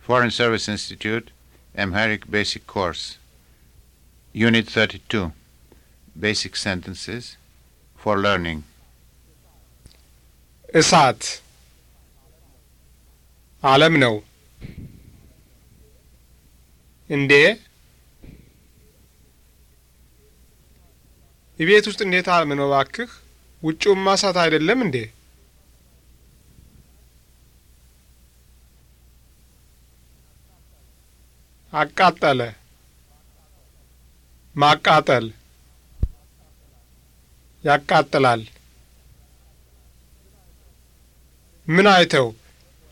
Foreign Service Institute, Amharic Basic Course, Unit 32, Basic Sentences for Learning. Esat Alamno ነው። እንዴ ቤት ውስጥ እንዴት አልመኖ ባክህ፣ ውጭውማ እሳት አይደለም እንዴ? አቃጠለ፣ ማቃጠል፣ ያቃጥላል። ምን አይተው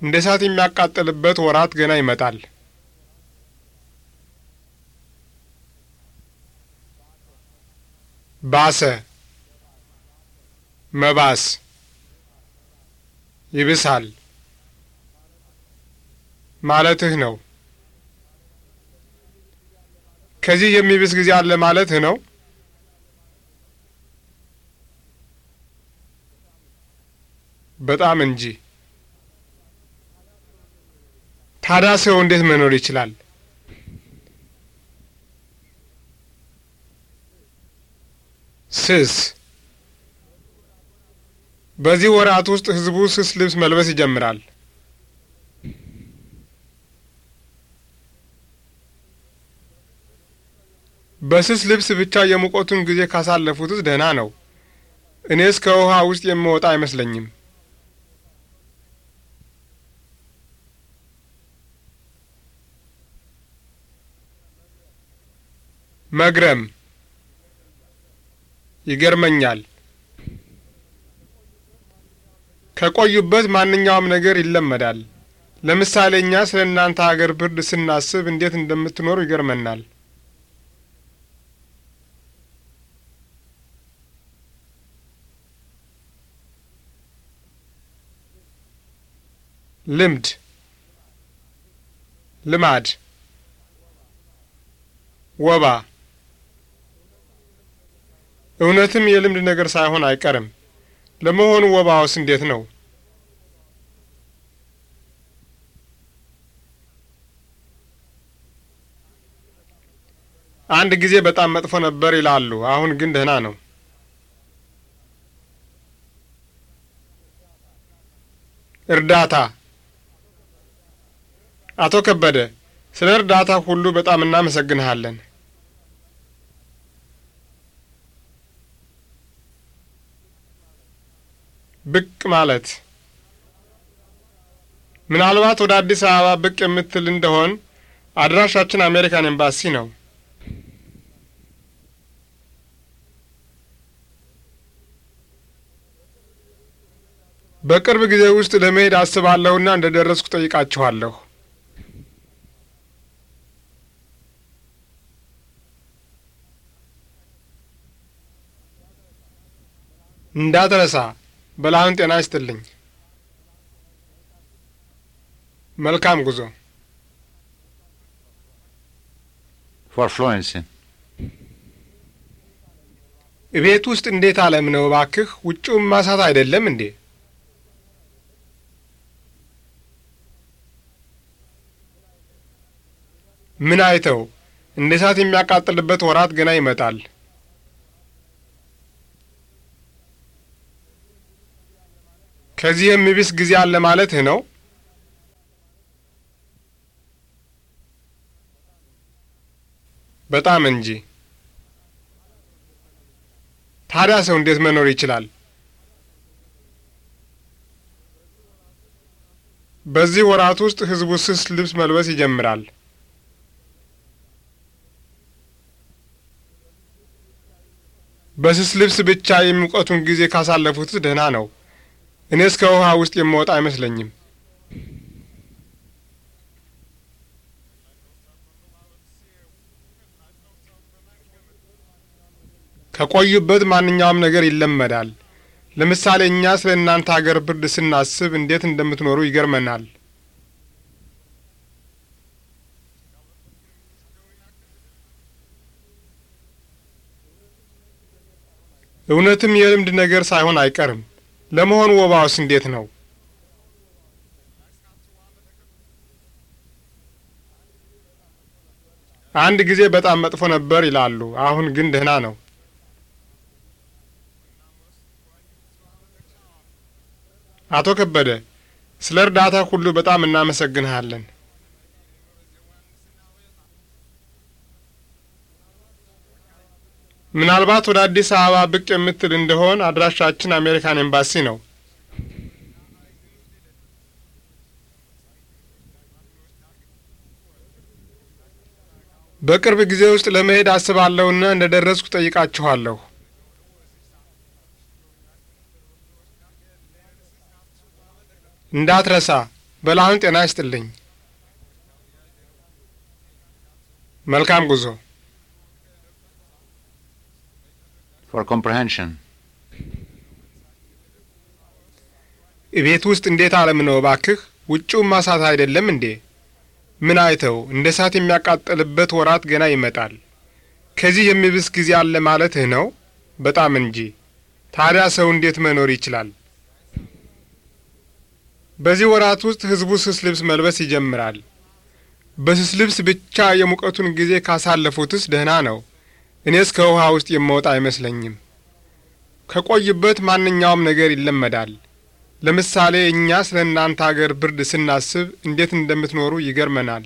እንደ እሳት የሚያቃጥልበት ወራት ገና ይመጣል። ባሰ፣ መባስ፣ ይብሳል ማለትህ ነው። ከዚህ የሚብስ ጊዜ አለ ማለትህ ነው? በጣም እንጂ። ታዲያ ሰው እንዴት መኖር ይችላል? ስስ በዚህ ወራት ውስጥ ህዝቡ ስስ ልብስ መልበስ ይጀምራል። በስስ ልብስ ብቻ የሙቀቱን ጊዜ ካሳለፉትስ ደህና ነው። እኔስ ከውሃ ውስጥ የምወጣ አይመስለኝም። መግረም ይገርመኛል። ከቆዩበት ማንኛውም ነገር ይለመዳል። ለምሳሌ እኛ ስለ እናንተ አገር ብርድ ስናስብ እንዴት እንደምትኖሩ ይገርመናል። ልምድ ልማድ ወባ እውነትም የልምድ ነገር ሳይሆን አይቀርም። ለመሆኑ ወባውስ እንዴት ነው? አንድ ጊዜ በጣም መጥፎ ነበር ይላሉ፣ አሁን ግን ደህና ነው። እርዳታ አቶ ከበደ ስለ እርዳታ ሁሉ በጣም እናመሰግንሃለን። ብቅ ማለት ምናልባት ወደ አዲስ አበባ ብቅ የምትል እንደሆን አድራሻችን አሜሪካን ኤምባሲ ነው። በቅርብ ጊዜ ውስጥ ለመሄድ አስባለሁና እንደ ደረስኩ ጠይቃችኋለሁ። እንዳትረሳ። በላህን ጤና ይስጥልኝ። መልካም ጉዞ። ፎር ፍሎረንስ እቤት ውስጥ እንዴት አለም ነው እባክህ? ውጭውም ማሳት አይደለም እንዴ? ምን አይተው እንደ እሳት የሚያቃጥልበት ወራት ገና ይመጣል። ከዚህ የሚብስ ጊዜ አለ ማለትህ ነው? በጣም እንጂ። ታዲያ ሰው እንዴት መኖር ይችላል? በዚህ ወራት ውስጥ ህዝቡ ስስ ልብስ መልበስ ይጀምራል። በስስ ልብስ ብቻ የሚውቀቱን ጊዜ ካሳለፉት ደህና ነው። እኔስ ከውሃ ውስጥ የምወጣ አይመስለኝም። ከቆዩበት ማንኛውም ነገር ይለመዳል። ለምሳሌ እኛ ስለ እናንተ አገር ብርድ ስናስብ እንዴት እንደምትኖሩ ይገርመናል። እውነትም የልምድ ነገር ሳይሆን አይቀርም። ለመሆኑ ወባውስ እንዴት ነው? አንድ ጊዜ በጣም መጥፎ ነበር ይላሉ፣ አሁን ግን ደህና ነው። አቶ ከበደ፣ ስለ እርዳታ ሁሉ በጣም እናመሰግንሃለን። ምናልባት ወደ አዲስ አበባ ብቅ የምትል እንደሆን አድራሻችን አሜሪካን ኤምባሲ ነው። በቅርብ ጊዜ ውስጥ ለመሄድ አስባለሁና እንደ ደረስኩ ጠይቃችኋለሁ። እንዳትረሳ። በላሁን ጤና ይስጥልኝ። መልካም ጉዞ። for comprehension. እቤት ውስጥ እንዴት ዓለም ነው እባክህ? ውጭውም እሳት አይደለም እንዴ? ምን አይተው እንደ እሳት የሚያቃጥልበት ወራት ገና ይመጣል። ከዚህ የሚብስ ጊዜ አለ ማለትህ ነው? በጣም እንጂ። ታዲያ ሰው እንዴት መኖር ይችላል? በዚህ ወራት ውስጥ ሕዝቡ ስስ ልብስ መልበስ ይጀምራል። በስስ ልብስ ብቻ የሙቀቱን ጊዜ ካሳለፉትስ ደህና ነው። እኔስ ከውሃ ውስጥ የምወጣ አይመስለኝም። ከቆይበት ማንኛውም ነገር ይለመዳል። ለምሳሌ እኛ ስለ እናንተ አገር ብርድ ስናስብ እንዴት እንደምትኖሩ ይገርመናል።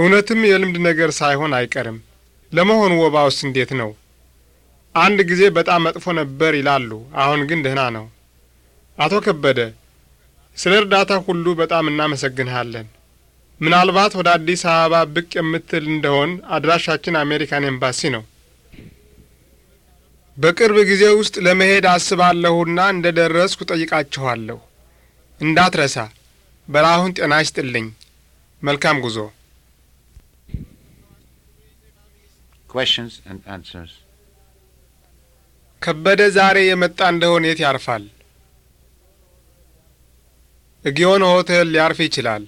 እውነትም የልምድ ነገር ሳይሆን አይቀርም። ለመሆኑ ወባውስ እንዴት ነው? አንድ ጊዜ በጣም መጥፎ ነበር ይላሉ፣ አሁን ግን ደህና ነው። አቶ ከበደ ስለ እርዳታ ሁሉ በጣም እናመሰግንሃለን። ምናልባት ወደ አዲስ አበባ ብቅ የምትል እንደሆን አድራሻችን አሜሪካን ኤምባሲ ነው። በቅርብ ጊዜ ውስጥ ለመሄድ አስባለሁና እንደ ደረስኩ ጠይቃችኋለሁ። እንዳትረሳ። በራሁን ጤና ይስጥልኝ። መልካም ጉዞ። ከበደ ዛሬ የመጣ እንደሆን የት ያርፋል? እግዮን ሆቴል ሊያርፍ ይችላል።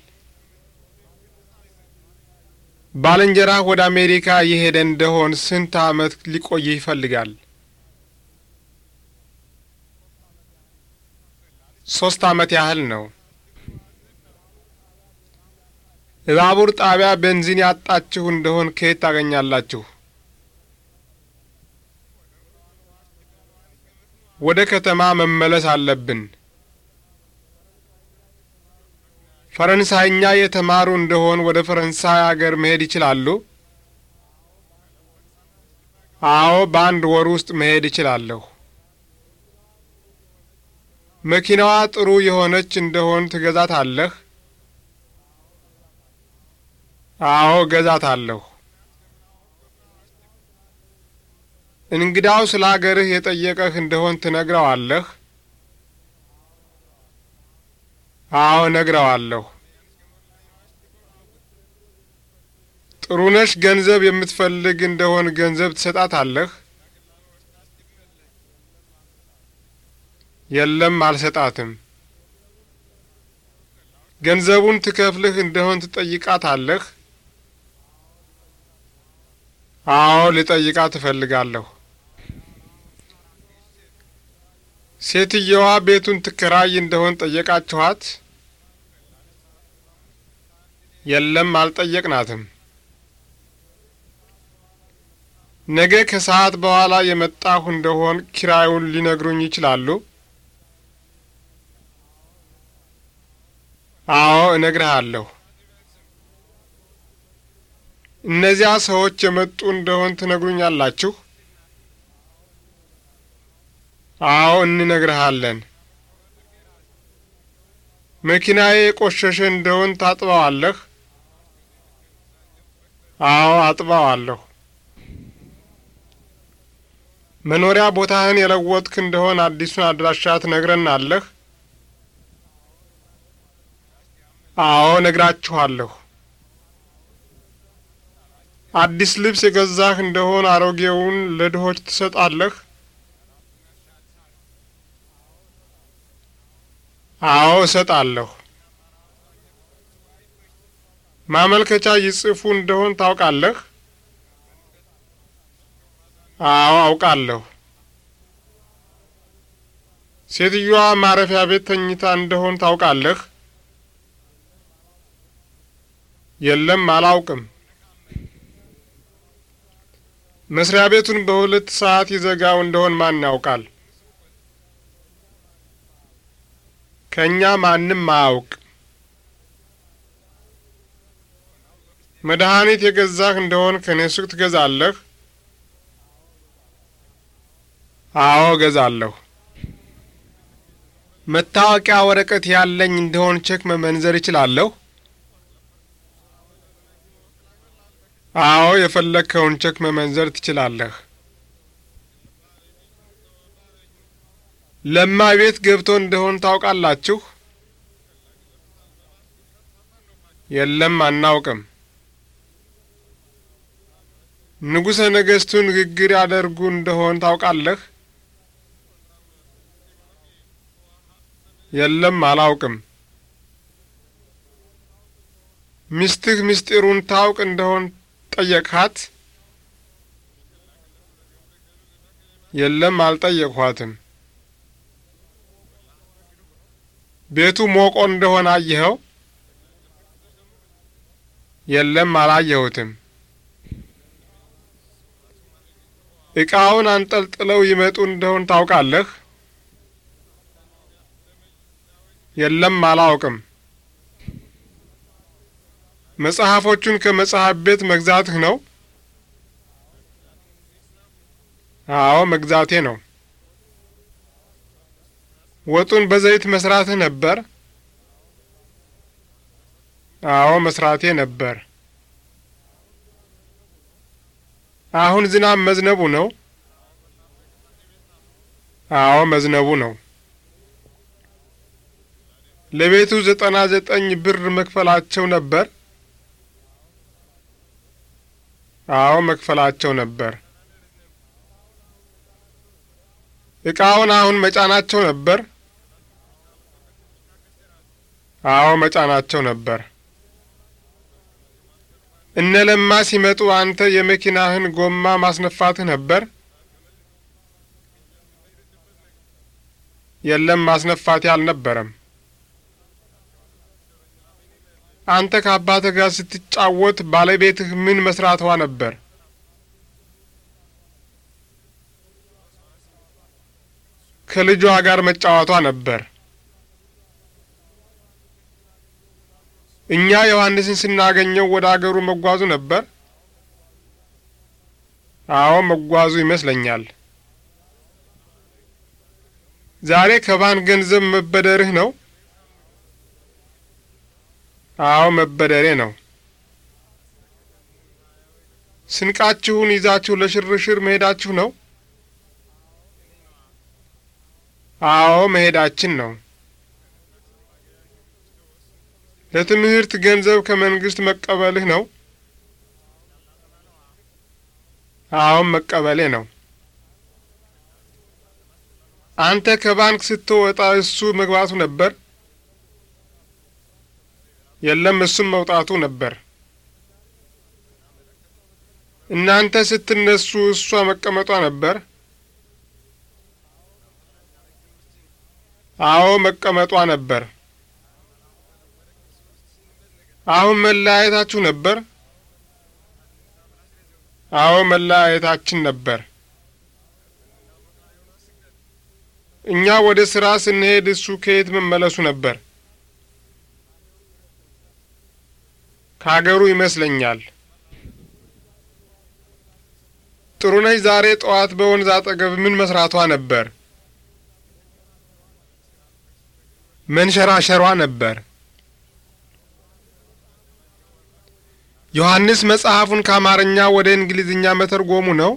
ባልንጀራ ወደ አሜሪካ የሄደ እንደሆን ስንት ዓመት ሊቆይ ይፈልጋል? ሶስት ዓመት ያህል ነው። ባቡር ጣቢያ ቤንዚን ያጣችሁ እንደሆን ከየት ታገኛላችሁ? ወደ ከተማ መመለስ አለብን። ፈረንሳይኛ የተማሩ እንደሆን ወደ ፈረንሳይ አገር መሄድ ይችላሉ? አዎ፣ በአንድ ወር ውስጥ መሄድ ይችላለሁ መኪናዋ ጥሩ የሆነች እንደሆን ትገዛታለህ? አዎ፣ እገዛታለሁ። እንግዳው ስለ አገርህ የጠየቀህ እንደሆን ትነግረዋለህ? አዎ ነግረዋለሁ። ጥሩነሽ ገንዘብ የምትፈልግ እንደሆን ገንዘብ ትሰጣታለህ? የለም አልሰጣትም። ገንዘቡን ትከፍልህ እንደሆን ትጠይቃታለህ? አዎ ልጠይቃት እፈልጋለሁ። ሴትየዋ ቤቱን ትከራይ እንደሆን ጠየቃችኋት? የለም፣ አልጠየቅናትም። ነገ ከሰዓት በኋላ የመጣሁ እንደሆን ኪራዩን ሊነግሩኝ ይችላሉ? አዎ፣ እነግርሃለሁ። እነዚያ ሰዎች የመጡ እንደሆን ትነግሩኛላችሁ? አዎ እንነግርሃለን። መኪናዬ የቆሸሸ እንደሆን ታጥበዋለህ? አዎ አጥበዋለሁ። መኖሪያ ቦታህን የለወጥክ እንደሆን አዲሱን አድራሻ ትነግረናለህ? አዎ ነግራችኋለሁ። አዲስ ልብስ የገዛህ እንደሆን አሮጌውን ለድሆች ትሰጣለህ? አዎ እሰጣለሁ። ማመልከቻ ይጽፉ እንደሆን ታውቃለህ? አዎ አውቃለሁ። ሴትዮዋ ማረፊያ ቤት ተኝታ እንደሆን ታውቃለህ? የለም፣ አላውቅም። መስሪያ ቤቱን በሁለት ሰዓት ይዘጋው እንደሆን ማን ያውቃል? ከእኛ ማንም አያውቅ። መድኃኒት የገዛህ እንደሆን ከእኔ ሱቅ ትገዛለህ? አዎ እገዛለሁ። መታወቂያ ወረቀት ያለኝ እንደሆን ቼክ መመንዘር እችላለሁ? አዎ የፈለግከውን ቼክ መመንዘር ትችላለህ። ለማ ቤት ገብቶ እንደሆን ታውቃላችሁ? የለም፣ አናውቅም። ንጉሠ ነገሥቱ ንግግር ያደርጉ እንደሆን ታውቃለህ? የለም፣ አላውቅም። ሚስትህ ምስጢሩን ታውቅ እንደሆን ጠየቅሃት? የለም፣ አልጠየቅኋትም። ቤቱ ሞቆ እንደሆነ አየኸው? የለም፣ አላየሁትም። እቃውን አንጠልጥለው ይመጡ እንደሆን ታውቃለህ? የለም፣ አላውቅም። መጽሐፎቹን ከመጽሐፍ ቤት መግዛትህ ነው? አዎ፣ መግዛቴ ነው። ወጡን በዘይት መስራትህ ነበር? አዎ መስራቴ ነበር። አሁን ዝናብ መዝነቡ ነው? አዎ መዝነቡ ነው። ለቤቱ ዘጠና ዘጠኝ ብር መክፈላቸው ነበር? አዎ መክፈላቸው ነበር። እቃውን አሁን መጫናቸው ነበር? አዎ መጫናቸው ነበር። እነ ለማ ሲመጡ አንተ የመኪናህን ጎማ ማስነፋትህ ነበር? የለም ማስነፋቴ አልነበረም። አንተ ከአባትህ ጋር ስትጫወት ባለቤትህ ምን መስራትዋ ነበር? ከልጇ ጋር መጫወቷ ነበር። እኛ ዮሐንስን ስናገኘው ወደ አገሩ መጓዙ ነበር? አዎ መጓዙ ይመስለኛል። ዛሬ ከባንክ ገንዘብ መበደርህ ነው? አዎ መበደሬ ነው። ስንቃችሁን ይዛችሁ ለሽርሽር መሄዳችሁ ነው? አዎ መሄዳችን ነው። ለትምህርት ገንዘብ ከመንግስት መቀበልህ ነው? አሁን መቀበሌ ነው። አንተ ከባንክ ስትወጣ እሱ መግባቱ ነበር? የለም፣ እሱም መውጣቱ ነበር። እናንተ ስትነሱ እሷ መቀመጧ ነበር? አዎ፣ መቀመጧ ነበር። አሁን መለያየታችሁ ነበር? አዎ መለያየታችን ነበር። እኛ ወደ ስራ ስንሄድ እሱ ከየት መመለሱ ነበር? ከአገሩ ይመስለኛል። ጥሩ ነች ዛሬ ጠዋት በወንዝ አጠገብ ምን መስራቷ ነበር? መንሸራሸሯ ነበር። ዮሐንስ መጽሐፉን ከአማርኛ ወደ እንግሊዝኛ መተርጎሙ ነው?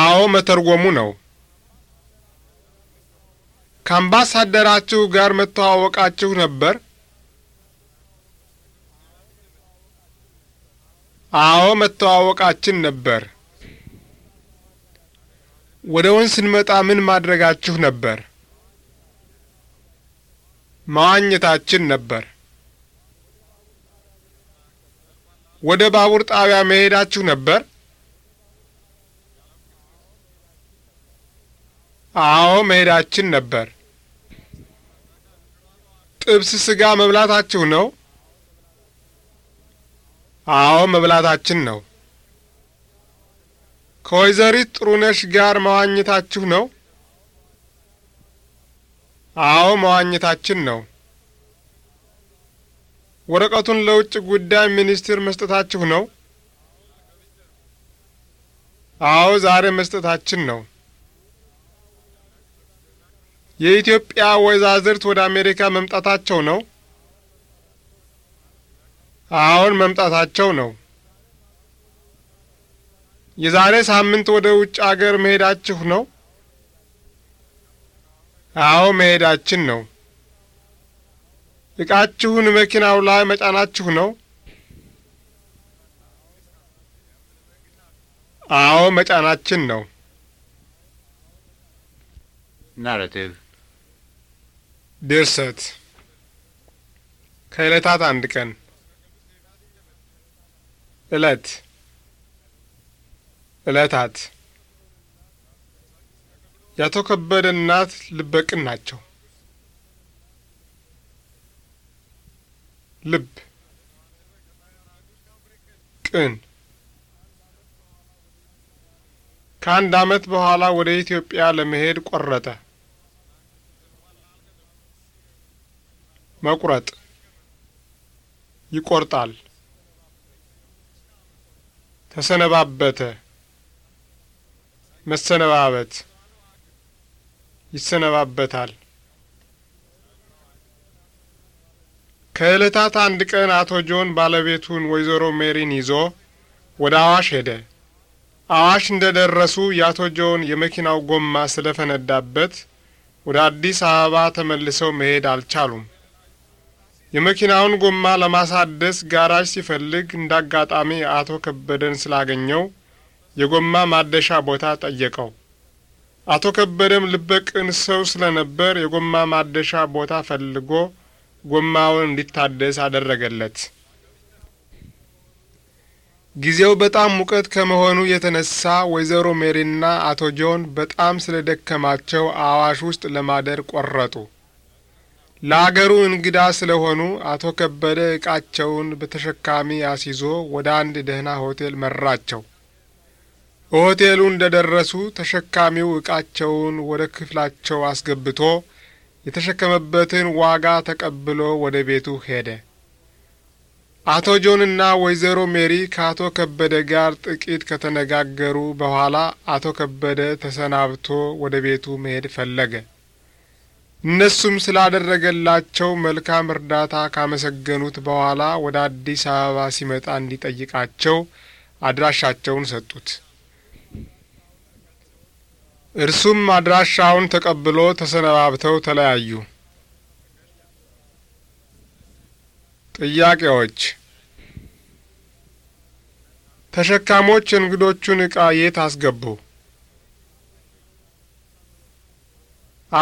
አዎ መተርጎሙ ነው። ከአምባሳደራችሁ ጋር መተዋወቃችሁ ነበር? አዎ መተዋወቃችን ነበር። ወደ ወን ስንመጣ ምን ማድረጋችሁ ነበር? መዋኘታችን ነበር። ወደ ባቡር ጣቢያ መሄዳችሁ ነበር? አዎ መሄዳችን ነበር። ጥብስ ስጋ መብላታችሁ ነው? አዎ መብላታችን ነው። ከወይዘሪት ጥሩነሽ ጋር መዋኘታችሁ ነው? አዎ መዋኘታችን ነው። ወረቀቱን ለውጭ ጉዳይ ሚኒስቴር መስጠታችሁ ነው? አዎ ዛሬ መስጠታችን ነው። የኢትዮጵያ ወይዛዝርት ወደ አሜሪካ መምጣታቸው ነው? አሁን መምጣታቸው ነው። የዛሬ ሳምንት ወደ ውጭ አገር መሄዳችሁ ነው? አዎ መሄዳችን ነው። እቃችሁን መኪናው ላይ መጫናችሁ ነው? አዎ መጫናችን ነው። ናሬቲቭ ድርሰት ከእለታት አንድ ቀን እለት እለታት የአቶ ከበደ እናት ልበቅን ናቸው። ልብ ቅን ከአንድ ዓመት በኋላ ወደ ኢትዮጵያ ለመሄድ ቆረጠ። መቁረጥ ይቆርጣል። ተሰነባበተ መሰነባበት ይሰነባበታል። ከእለታት አንድ ቀን አቶ ጆን ባለቤቱን ወይዘሮ ሜሪን ይዞ ወደ አዋሽ ሄደ። አዋሽ እንደ ደረሱ የአቶ ጆን የመኪናው ጎማ ስለፈነዳበት ወደ አዲስ አበባ ተመልሰው መሄድ አልቻሉም። የመኪናውን ጎማ ለማሳደስ ጋራጅ ሲፈልግ እንዳጋጣሚ አቶ ከበደን ስላገኘው የጎማ ማደሻ ቦታ ጠየቀው። አቶ ከበደም ልበቅን ሰው ስለነበር የጎማ ማደሻ ቦታ ፈልጎ ጎማውን እንዲታደስ አደረገለት። ጊዜው በጣም ሙቀት ከመሆኑ የተነሳ ወይዘሮ ሜሪና አቶ ጆን በጣም ስለደከማቸው አዋሽ ውስጥ ለማደር ቆረጡ። ለአገሩ እንግዳ ስለሆኑ አቶ ከበደ ዕቃቸውን በተሸካሚ አስይዞ ወደ አንድ ደህና ሆቴል መራቸው። በሆቴሉ እንደ ደረሱ ተሸካሚው ዕቃቸውን ወደ ክፍላቸው አስገብቶ የተሸከመበትን ዋጋ ተቀብሎ ወደ ቤቱ ሄደ። አቶ ጆንና ወይዘሮ ሜሪ ከአቶ ከበደ ጋር ጥቂት ከተነጋገሩ በኋላ አቶ ከበደ ተሰናብቶ ወደ ቤቱ መሄድ ፈለገ። እነሱም ስላደረገላቸው መልካም እርዳታ ካመሰገኑት በኋላ ወደ አዲስ አበባ ሲመጣ እንዲጠይቃቸው አድራሻቸውን ሰጡት። እርሱም አድራሻውን ተቀብሎ ተሰነባብተው ተለያዩ። ጥያቄዎች ተሸካሞች እንግዶቹን ዕቃ የት አስገቡ?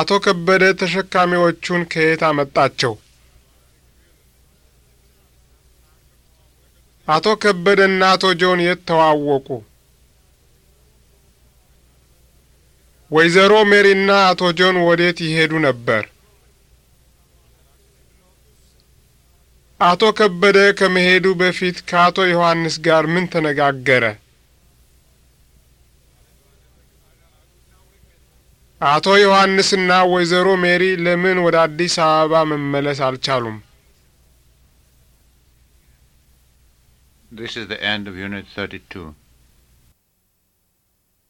አቶ ከበደ ተሸካሚዎቹን ከየት አመጣቸው? አቶ ከበደና አቶ ጆን የት ተዋወቁ? ወይዘሮ ሜሪና አቶ ጆን ወዴት ይሄዱ ነበር? አቶ ከበደ ከመሄዱ በፊት ከአቶ ዮሐንስ ጋር ምን ተነጋገረ? አቶ ዮሐንስና ወይዘሮ ሜሪ ለምን ወደ አዲስ አበባ መመለስ አልቻሉም? This is the end of Unit 32.